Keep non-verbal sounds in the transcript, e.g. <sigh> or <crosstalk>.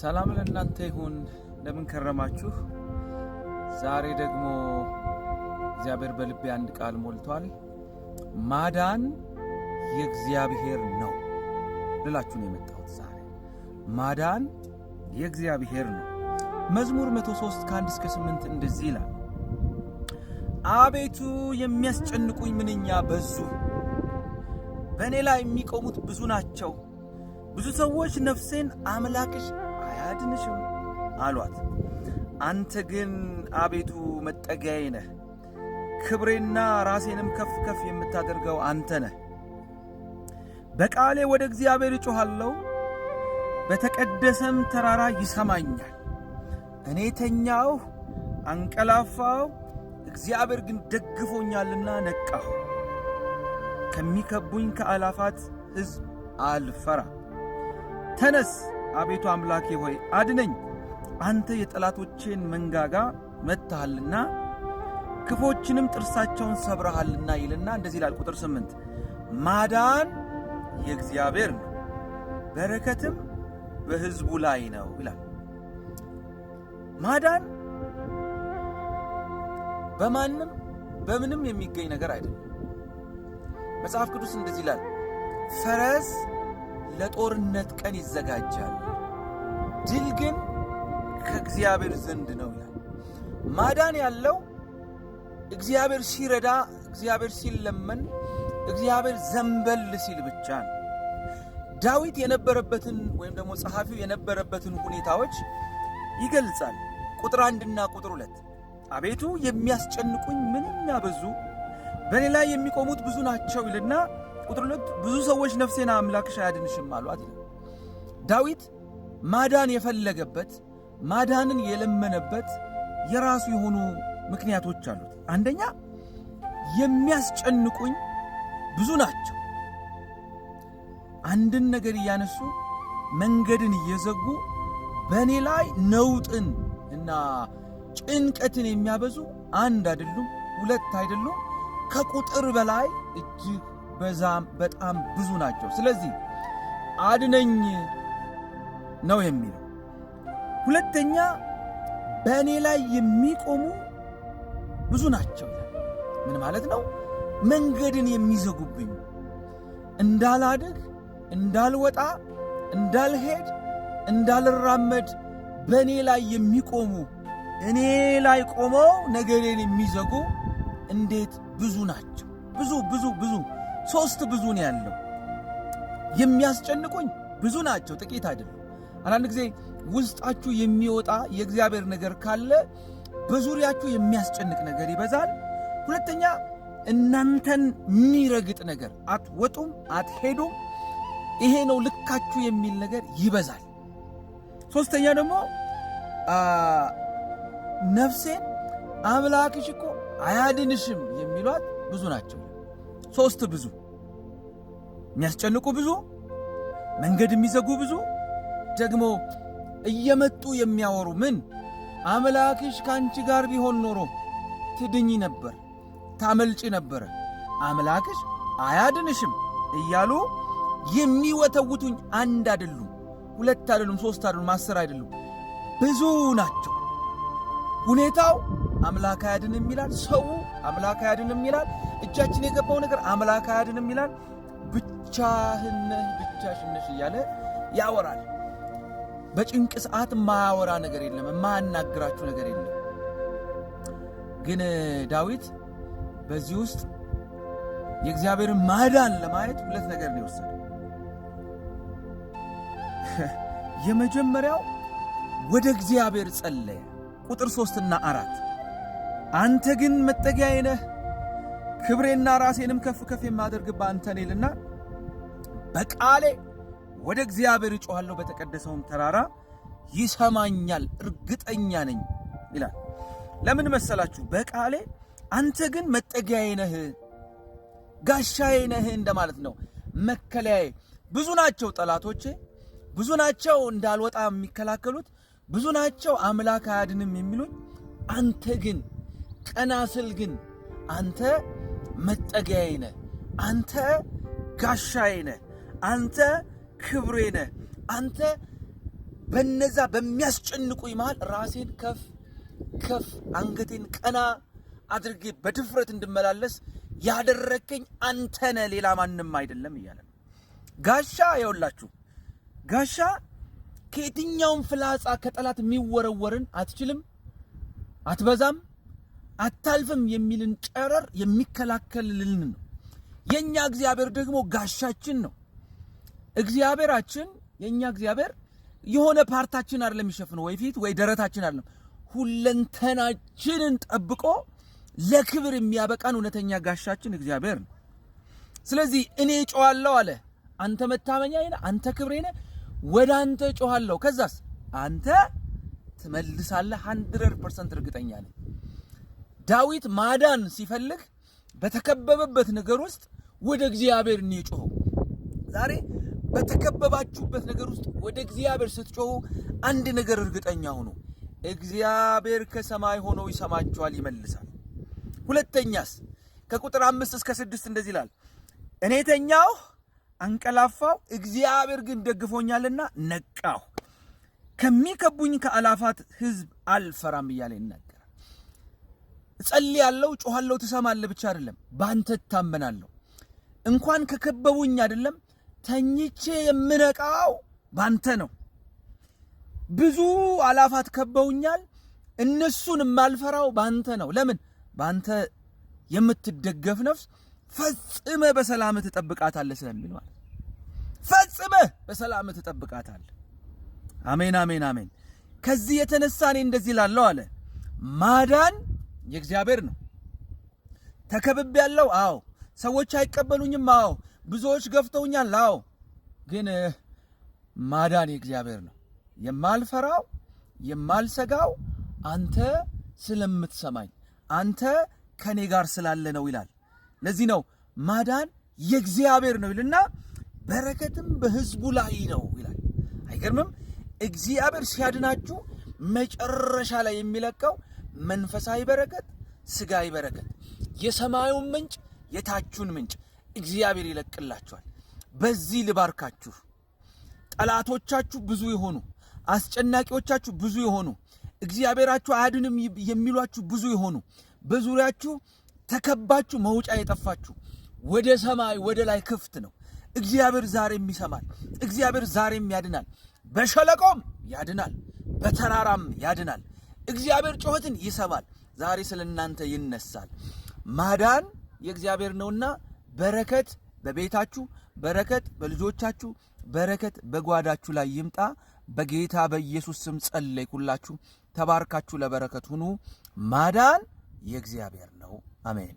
ሰላም ለእናንተ ይሁን። እንደምን ከረማችሁ? ዛሬ ደግሞ እግዚአብሔር በልቤ አንድ ቃል ሞልቷል። ማዳን የእግዚአብሔር ነው ልላችሁ ነው የመጣሁት። ዛሬ ማዳን የእግዚአብሔር ነው። መዝሙር 103 ከአንድ እስከ 8 እንደዚህ ይላል። አቤቱ የሚያስጨንቁኝ ምንኛ በዙ! በእኔ ላይ የሚቆሙት ብዙ ናቸው። ብዙ ሰዎች ነፍሴን አምላክሽ አላድንሽም አሏት። አንተ ግን አቤቱ መጠጊያዬ ነህ፣ ክብሬና ራሴንም ከፍ ከፍ የምታደርገው አንተ ነህ። በቃሌ ወደ እግዚአብሔር እጮኋለሁ፣ በተቀደሰም ተራራ ይሰማኛል። እኔ ተኛሁ አንቀላፋው፣ እግዚአብሔር ግን ደግፎኛልና ነቃሁ። ከሚከቡኝ ከአላፋት ሕዝብ አልፈራ። ተነስ አቤቱ አምላኬ ሆይ አድነኝ፣ አንተ የጠላቶቼን መንጋጋ መትሃልና ክፎችንም ጥርሳቸውን ሰብረሃልና ይልና እንደዚህ ይላል። ቁጥር ስምንት ማዳን የእግዚአብሔር ነው፣ በረከትም በሕዝቡ ላይ ነው ይላል። ማዳን በማንም በምንም የሚገኝ ነገር አይደለም። መጽሐፍ ቅዱስ እንደዚህ ይላል ፈረስ ለጦርነት ቀን ይዘጋጃል፣ ድል ግን ከእግዚአብሔር ዘንድ ነው ይላል። ማዳን ያለው እግዚአብሔር ሲረዳ፣ እግዚአብሔር ሲለመን፣ እግዚአብሔር ዘንበል ሲል ብቻ ነው። ዳዊት የነበረበትን ወይም ደግሞ ጸሐፊው የነበረበትን ሁኔታዎች ይገልጻል። ቁጥር አንድና ቁጥር ሁለት አቤቱ የሚያስጨንቁኝ ምንኛ በዙ፣ በእኔ ላይ የሚቆሙት ብዙ ናቸው ይልና ቁጥር ሁለት ብዙ ሰዎች ነፍሴን አምላክሽ አያድንሽም አሏት። ዳዊት ማዳን የፈለገበት ማዳንን የለመነበት የራሱ የሆኑ ምክንያቶች አሉት። አንደኛ የሚያስጨንቁኝ ብዙ ናቸው። አንድን ነገር እያነሱ መንገድን እየዘጉ በእኔ ላይ ነውጥን እና ጭንቀትን የሚያበዙ አንድ አይደሉም፣ ሁለት አይደሉም፣ ከቁጥር በላይ እጅግ በዛም በጣም ብዙ ናቸው። ስለዚህ አድነኝ ነው የሚለው። ሁለተኛ በእኔ ላይ የሚቆሙ ብዙ ናቸው። ምን ማለት ነው? መንገድን የሚዘጉብኝ እንዳላድግ፣ እንዳልወጣ፣ እንዳልሄድ፣ እንዳልራመድ በእኔ ላይ የሚቆሙ እኔ ላይ ቆመው ነገሬን የሚዘጉ እንዴት ብዙ ናቸው። ብዙ ብዙ ብዙ ሶስት ብዙ ነው ያለው። የሚያስጨንቁኝ ብዙ ናቸው፣ ጥቂት አይደሉም። አንዳንድ ጊዜ ውስጣችሁ የሚወጣ የእግዚአብሔር ነገር ካለ በዙሪያችሁ የሚያስጨንቅ ነገር ይበዛል። ሁለተኛ እናንተን የሚረግጥ ነገር አትወጡም፣ አትሄዱም፣ ይሄ ነው ልካችሁ የሚል ነገር ይበዛል። ሶስተኛ ደግሞ ነፍሴን አምላክሽ እኮ አያድንሽም የሚሏት ብዙ ናቸው። ሶስት ብዙ፣ የሚያስጨንቁ ብዙ፣ መንገድ የሚዘጉ ብዙ፣ ደግሞ እየመጡ የሚያወሩ ምን አምላክሽ ከአንቺ ጋር ቢሆን ኖሮ ትድኝ ነበር፣ ታመልጪ ነበረ፣ አምላክሽ አያድንሽም እያሉ የሚወተውቱኝ አንድ አይደሉም፣ ሁለት አይደሉም፣ ሶስት አይደሉም፣ አስር አይደሉም፣ ብዙ ናቸው። ሁኔታው አምላክ አያድንም ይላል፣ ሰው አምላክ አያድንም ይላል። እጃችን የገባው ነገር አምላክ አያድንም ይላል። ብቻህን ብቻሽነሽ እያለ ያወራል። በጭንቅ ሰዓት ማያወራ ነገር የለም፣ የማያናግራችሁ ነገር የለም። ግን ዳዊት በዚህ ውስጥ የእግዚአብሔርን ማዳን ለማየት ሁለት ነገር ነው የወሰደ። <laughs> የመጀመሪያው ወደ እግዚአብሔር ጸለየ። ቁጥር ሶስትና አራት አንተ ግን መጠጊያዬ ነህ ክብሬና ራሴንም ከፍ ከፍ የማደርግብህ አንተ ነህና በቃሌ ወደ እግዚአብሔር እጮኋለሁ፣ በተቀደሰውም ተራራ ይሰማኛል፣ እርግጠኛ ነኝ ይላል። ለምን መሰላችሁ? በቃሌ አንተ ግን መጠጊያዬ ነህ፣ ጋሻዬ ነህ እንደማለት ነው። መከለያዬ። ብዙ ናቸው ጠላቶቼ፣ ብዙ ናቸው እንዳልወጣ የሚከላከሉት፣ ብዙ ናቸው አምላክ አያድንም የሚሉኝ፣ አንተ ግን ቀና ስል ግን አንተ መጠጊያዬ ነህ፣ አንተ ጋሻዬ ነህ፣ አንተ ክብሬ ነህ። አንተ በነዛ በሚያስጨንቁኝ መሃል ራሴን ከፍ ከፍ አንገቴን ቀና አድርጌ በድፍረት እንድመላለስ ያደረከኝ አንተ ነህ፣ ሌላ ማንም አይደለም እያለ ጋሻ የውላችሁ ጋሻ ከየትኛውም ፍላጻ ከጠላት የሚወረወርን አትችልም፣ አትበዛም አታልፍም የሚልን ጨረር የሚከላከልልን ነው። የኛ እግዚአብሔር ደግሞ ጋሻችን ነው። እግዚአብሔራችን የኛ እግዚአብሔር የሆነ ፓርታችን አይደለም የሚሸፍነው፣ ወይ ፊት ወይ ደረታችን አይደለም። ሁለንተናችንን ጠብቆ ለክብር የሚያበቃን እውነተኛ ጋሻችን እግዚአብሔር ነው። ስለዚህ እኔ ጮኋለሁ አለ። አንተ መታመኛዬ ነህ፣ አንተ ክብሬ ነህ። ወደ አንተ ጮኋለሁ። ከዛስ አንተ ትመልሳለህ። 100% እርግጠኛ ነኝ። ዳዊት ማዳን ሲፈልግ በተከበበበት ነገር ውስጥ ወደ እግዚአብሔር ነው የጮኸው። ዛሬ በተከበባችሁበት ነገር ውስጥ ወደ እግዚአብሔር ስትጮኹ አንድ ነገር እርግጠኛ ሁኑ፣ እግዚአብሔር ከሰማይ ሆኖ ይሰማችኋል፣ ይመልሳል። ሁለተኛስ ከቁጥር አምስት እስከ ስድስት እንደዚህ ይላል፣ እኔ ተኛሁ አንቀላፋው፣ እግዚአብሔር ግን ደግፎኛልና ነቃሁ፣ ከሚከቡኝ ከአላፋት ሕዝብ አልፈራም እያለ ይናል። እጸልያለሁ፣ ጮኋለሁ፣ ትሰማለህ ብቻ አይደለም፣ በአንተ እታመናለሁ። እንኳን ከከበቡኝ አይደለም ተኝቼ የምነቃው ባንተ ነው። ብዙ አላፋት ከበውኛል፣ እነሱን የማልፈራው ባንተ ነው። ለምን? ባንተ የምትደገፍ ነፍስ ፈጽመ በሰላም ትጠብቃታለህ ስለሚል ማለት ፈጽመ በሰላም ትጠብቃታለህ። አሜን፣ አሜን፣ አሜን። ከዚህ የተነሳ እኔ እንደዚህ ላለው አለ ማዳን የእግዚአብሔር ነው። ተከብብ ያለው አዎ። ሰዎች አይቀበሉኝም አዎ። ብዙዎች ገፍተውኛል አዎ። ግን ማዳን የእግዚአብሔር ነው። የማልፈራው የማልሰጋው አንተ ስለምትሰማኝ አንተ ከኔ ጋር ስላለ ነው ይላል። ለዚህ ነው ማዳን የእግዚአብሔር ነው ይልና በረከትም በሕዝቡ ላይ ነው ይላል። አይገርምም? እግዚአብሔር ሲያድናችሁ መጨረሻ ላይ የሚለቀው መንፈሳዊ በረከት፣ ስጋዊ በረከት፣ የሰማዩን ምንጭ፣ የታችሁን ምንጭ እግዚአብሔር ይለቅላችኋል። በዚህ ልባርካችሁ። ጠላቶቻችሁ ብዙ የሆኑ አስጨናቂዎቻችሁ ብዙ የሆኑ እግዚአብሔራችሁ አያድንም የሚሏችሁ ብዙ የሆኑ በዙሪያችሁ ተከባችሁ መውጫ የጠፋችሁ ወደ ሰማይ ወደ ላይ ክፍት ነው። እግዚአብሔር ዛሬም ይሰማል። እግዚአብሔር ዛሬም ያድናል። በሸለቆም ያድናል፣ በተራራም ያድናል። እግዚአብሔር ጩኸትን ይሰማል። ዛሬ ስለ እናንተ ይነሳል። ማዳን የእግዚአብሔር ነውና በረከት በቤታችሁ፣ በረከት በልጆቻችሁ፣ በረከት በጓዳችሁ ላይ ይምጣ። በጌታ በኢየሱስ ስም ጸለይኩላችሁ። ተባርካችሁ ለበረከት ሁኑ። ማዳን የእግዚአብሔር ነው። አሜን።